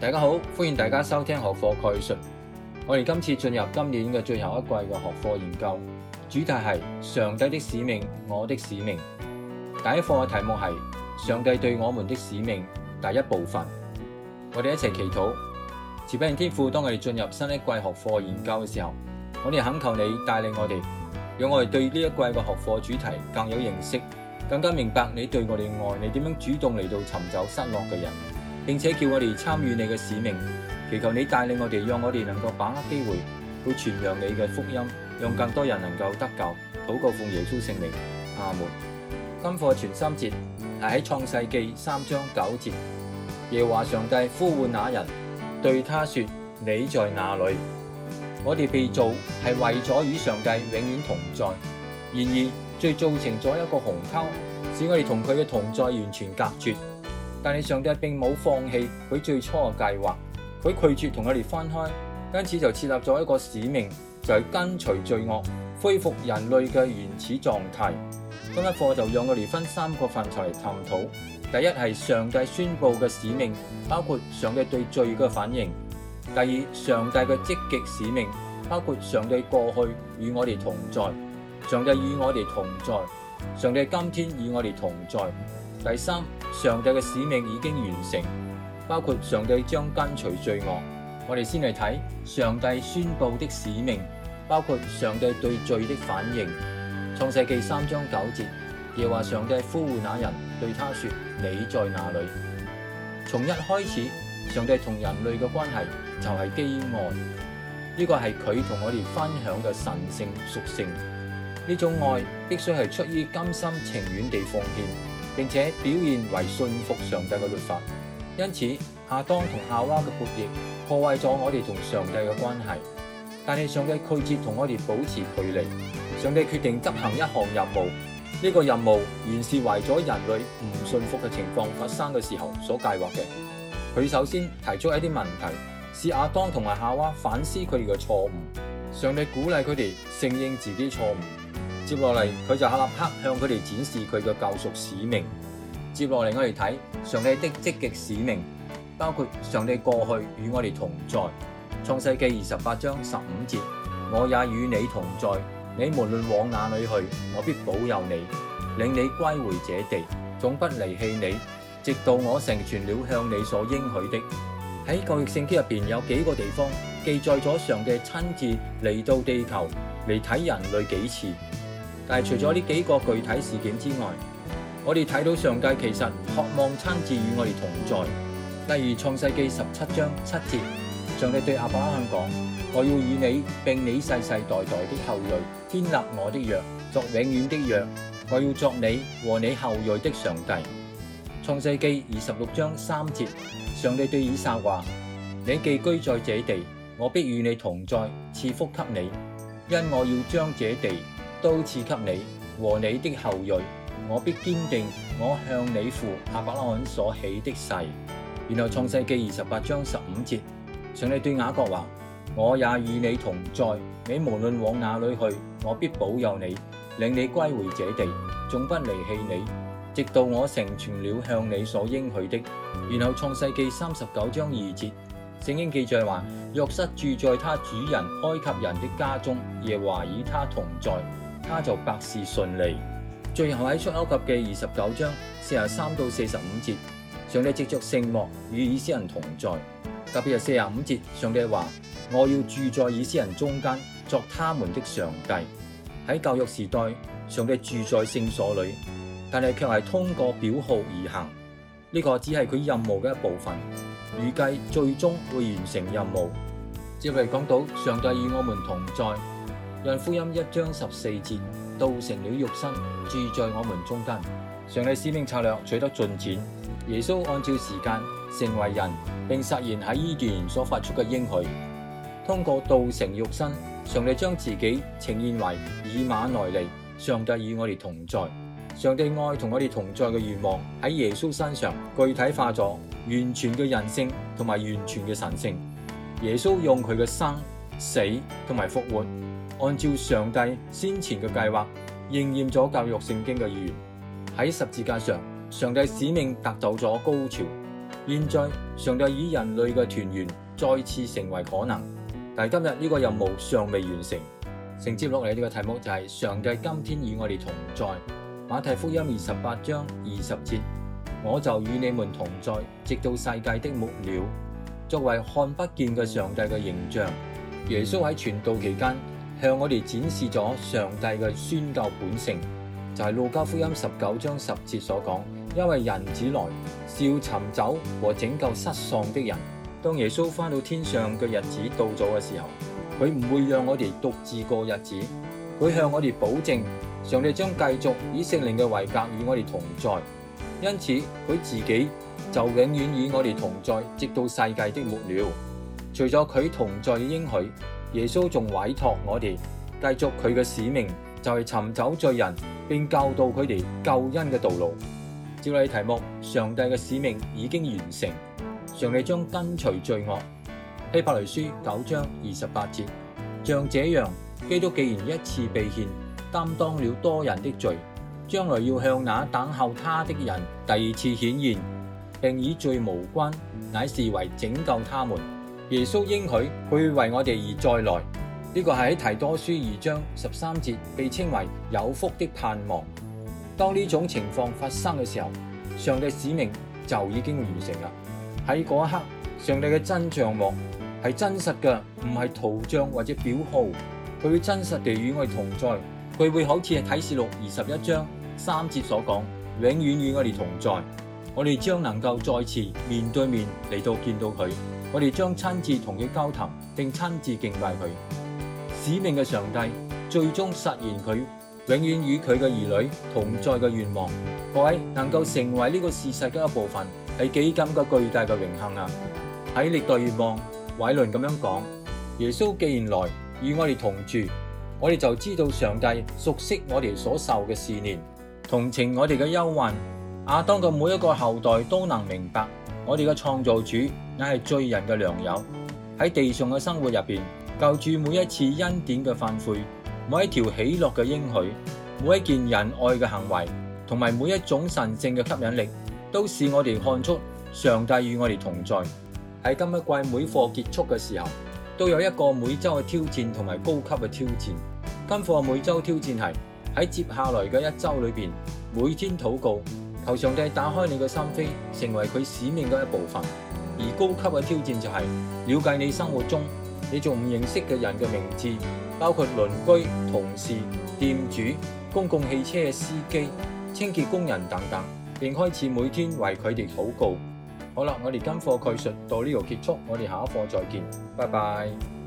大家好，歡迎大家收聽學課概述。我哋今次進入今年嘅最後一季嘅學課研究，主題係上帝的使命，我的使命。第一課嘅題目係上帝對我們的使命，第一部分。我哋一齊祈禱，慈悲天父，當我哋進入新一季學課研究嘅時候，我哋懇求你帶領我哋，讓我哋對呢一季嘅學課主題更有認識，更加明白你對我哋嘅愛，你點樣主動嚟到尋找失落嘅人。並且叫我哋參與你嘅使命，祈求你帶領我哋，讓我哋能夠把握機會，去傳揚你嘅福音，讓更多人能夠得救，禱告奉耶穌聖名，阿門。今課存心節係喺創世紀三章九節，耶華上帝呼喚那人，對他說：你在哪裏？我哋被造係為咗與上帝永遠同在，然而，罪造成咗一個鴻溝，使我哋同佢嘅同在完全隔絕。但係上帝並冇放棄佢最初嘅計劃，佢拒絕同我哋分開，因此就設立咗一個使命，就係、是、跟隨罪惡，恢復人類嘅原始狀態。今一課就讓我哋分三個範疇嚟探討：第一係上帝宣布嘅使命，包括上帝對罪嘅反應；第二，上帝嘅積極使命，包括上帝過去與我哋同在，上帝與我哋同在，上帝今天與我哋同在；第三。上帝嘅使命已經完成，包括上帝將根除罪惡。我哋先嚟睇上帝宣布的使命，包括上帝對罪的反應。創世記三章九節，耶和華上帝呼喚那人，對他說：你在哪裡？從一開始，上帝同人類嘅關係就係基愛，呢個係佢同我哋分享嘅神聖屬性。呢種愛必須係出於甘心情願地奉獻。並且表現為信服上帝嘅律法，因此亞當同夏娃嘅叛逆破壞咗我哋同上帝嘅關係，但係上帝拒絕同我哋保持距離。上帝決定執行一項任務，呢、這個任務原是為咗人類唔信服嘅情況發生嘅時候所計劃嘅。佢首先提出一啲問題，是亞當同埋夏娃反思佢哋嘅錯誤。上帝鼓勵佢哋承認自己的錯誤。接落嚟，佢就立刻向佢哋展示佢嘅救贖使命。接落嚟，我哋睇上帝的積極使命，包括上帝過去與我哋同在創世紀二十八章十五節，我也與你同在，你無論往哪裡去，我必保佑你，令你歸回這地，總不離棄你，直到我成全了向你所應許的。喺舊約聖經入邊，有幾個地方記載咗上帝親自嚟到地球嚟睇人類幾次。但係，除咗呢幾個具體事件之外，我哋睇到上帝其實渴望親自與我哋同在。例如《創世記》十七章七節，上帝對亞伯拉罕講：我要與你並你世世代代的後裔堅立我的約，作永遠的約。我要作你和你後裔的上帝。《創世記》二十六章三節，上帝對以撒話：你既居在這地，我必與你同在，賜福給你，因我要將這地。都賜給你和你的後裔，我必堅定我向你父亞伯拉罕所起的誓。然後創世記二十八章十五節，上帝對雅各話：我也與你同在，你無論往哪裡去，我必保佑你，領你歸回這地，總不離棄你，直到我成全了向你所應許的。然後創世記三十九章二節，聖經記載話：約瑟住在他主人埃及人的家中，耶華與他同在。他就百事順利。最後喺出埃及記嘅二十九章四十三到四十五節，上帝藉着聖幕與以色列人同在。特別係四十五節，上帝話：我要住在以色列人中間，作他們的上帝。喺舊約時代，上帝住在聖所裏，但係卻係通過表號而行。呢個只係佢任務嘅一部分，預計最終會完成任務。接嚟講到上帝與我們同在。讓福音一章十四節，道成了肉身，住在我們中間。上帝使命策略取得進展。耶穌按照時間成為人，並實現喺伊甸所發出嘅應許。通過道成肉身，上帝將自己呈現為以馬內利。上帝與我哋同在。上帝愛同我哋同在嘅願望喺耶穌身上具體化作完全嘅人性同埋完全嘅神性。耶穌用佢嘅生死同埋復活。按照上帝先前嘅計劃，應驗咗教育聖經嘅預言。喺十字架上，上帝使命達到咗高潮。現在上帝以人類嘅團圓再次成為可能，但係今日呢個任務尚未完成。承接落嚟呢個題目就係、是、上帝今天與我哋同在。馬太福音二十八章二十節，我就與你們同在，直到世界的末了。作為看不見嘅上帝嘅形象，耶穌喺傳道期間，向我哋展示咗上帝嘅宣教本性，就係路加福音十九章十節所講，因為人子來是要尋找和拯救失喪的人。當耶穌翻到天上嘅日子到咗嘅時候，佢唔會讓我哋獨自過日子，佢向我哋保證，上帝將繼續以聖靈嘅位格與我哋同在。因此，佢自己就永遠與我哋同在，直到世界的末了。除咗佢同在嘅應許。耶穌仲委託我哋繼續佢嘅使命，就係尋找罪人並教導佢哋救恩嘅道路。照你題目，上帝嘅使命已經完成，上帝將根除罪惡。希伯來書九章二十八節，像這樣，基督既然一次被獻，擔當了多人的罪，將來要向那等候他的人第二次顯現，並以罪無關，乃是為拯救他們。耶穌應許佢會為我哋而再來，呢個係喺提多書二章十三節被稱為有福的盼望。當呢種情況發生嘅時候，上帝使命就已經完成啦。喺嗰一刻，上帝嘅真帳幕係真實嘅，唔係圖像或者表號。佢會真實地與我哋同在，佢會好似喺啟示錄二十一章三節所講，永遠與我哋同在。我哋將能夠再次面對面嚟到見到佢，我哋將親自同佢交談，並親自敬拜佢。使命嘅上帝最終實現佢永遠與佢嘅兒女同在嘅願望。各位能夠成為呢個事實嘅一部分，係幾咁嘅巨大嘅榮幸啊！喺歷代願望，偉倫咁樣講：耶穌既然來與我哋同住，我哋就知道上帝熟悉我哋所受嘅試煉，同情我哋嘅憂患。阿當嘅每一個後代都能明白，我哋嘅創造主乃係罪人嘅良友。喺地上嘅生活入邊，就住每一次恩典嘅犯悔，每一條喜樂嘅應許，每一件仁愛嘅行為，同埋每一種神聖嘅吸引力，都使我哋看出上帝與我哋同在。喺今一季每課結束嘅時候，都有一個每周嘅挑戰同埋高級嘅挑戰。今課每周挑戰係喺接下來嘅一周裏邊，每天禱告。求上帝打開你個心扉，成為佢使命嘅一部分。而高級嘅挑戰就係了解你生活中你仲唔認識嘅人嘅名字，包括鄰居、同事、店主、公共汽車嘅司機、清潔工人等等，並開始每天為佢哋禱告。好啦，我哋今課概述到呢度結束，我哋下一課再見，拜拜。